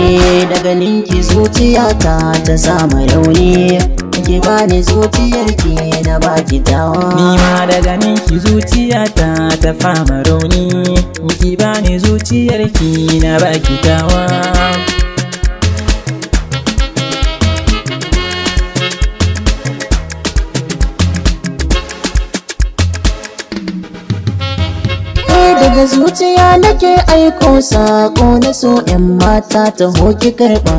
ne da ganin ki zuciyata ta samu rauni ki bani zuciyarki na baki dawa ni ma da ganin ki zuciyata ta fama rauni ki bani zuciyarki na baki dawa da zuciya nake aiko sako na so yan mata ta hoki karɓa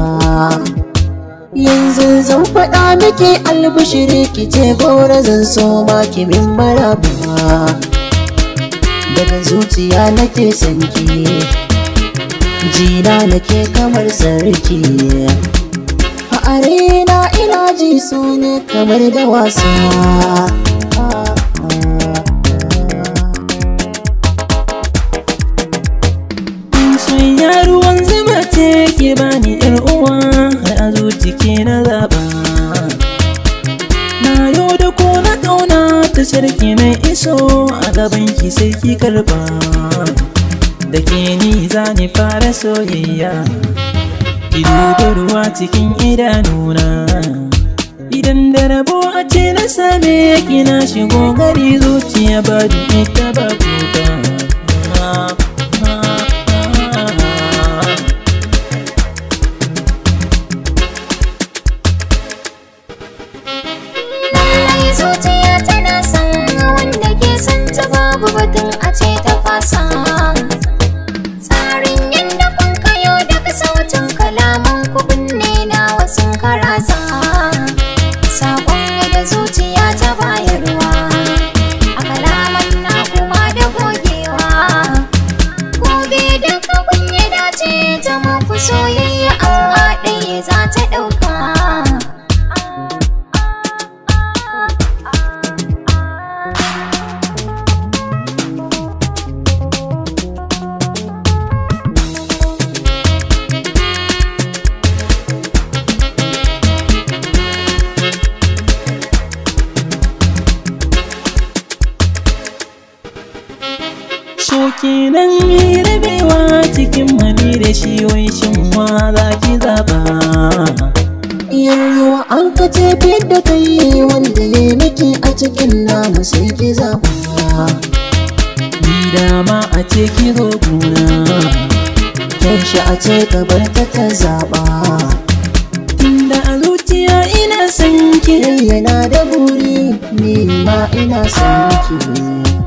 yanzu zan faɗa miki albishiri ki ce gora zan so ma ki min maraba daga zuciya nake sanki jina nake kamar sarki a arena ina ji so kamar da wasa ce ki bani yar uwa har a zuciya na zaba na yo da ku na kauna ta sarki mai iso a gaban ki sai ki karba da ke ni za ni fara soyayya ki dubi ruwa cikin idanuna idan da rabo a ce na same ki na shigo gari zuciya ba duk zuciya tana son wanda ke son ta babu batun a ce ta fasa tsarin yadda kun kayo daga sautin kalaman ku binne na wasu karasa sakon da zuciya ta bayarwa a kalaman na kuma da gogewa gobe da kabin ya dace ta muku soyayya so kenan rabewa cikin mani da shi wai shin ma za ki zaba yayyuwa an ka tafi da kai wanda ne nake a cikin nama sai ki zaba ni dama a ce ki zo gona kyan shi a ce ka bar ta ta zaba tunda a zuciya ina sanki. ki yana da buri ni ma ina son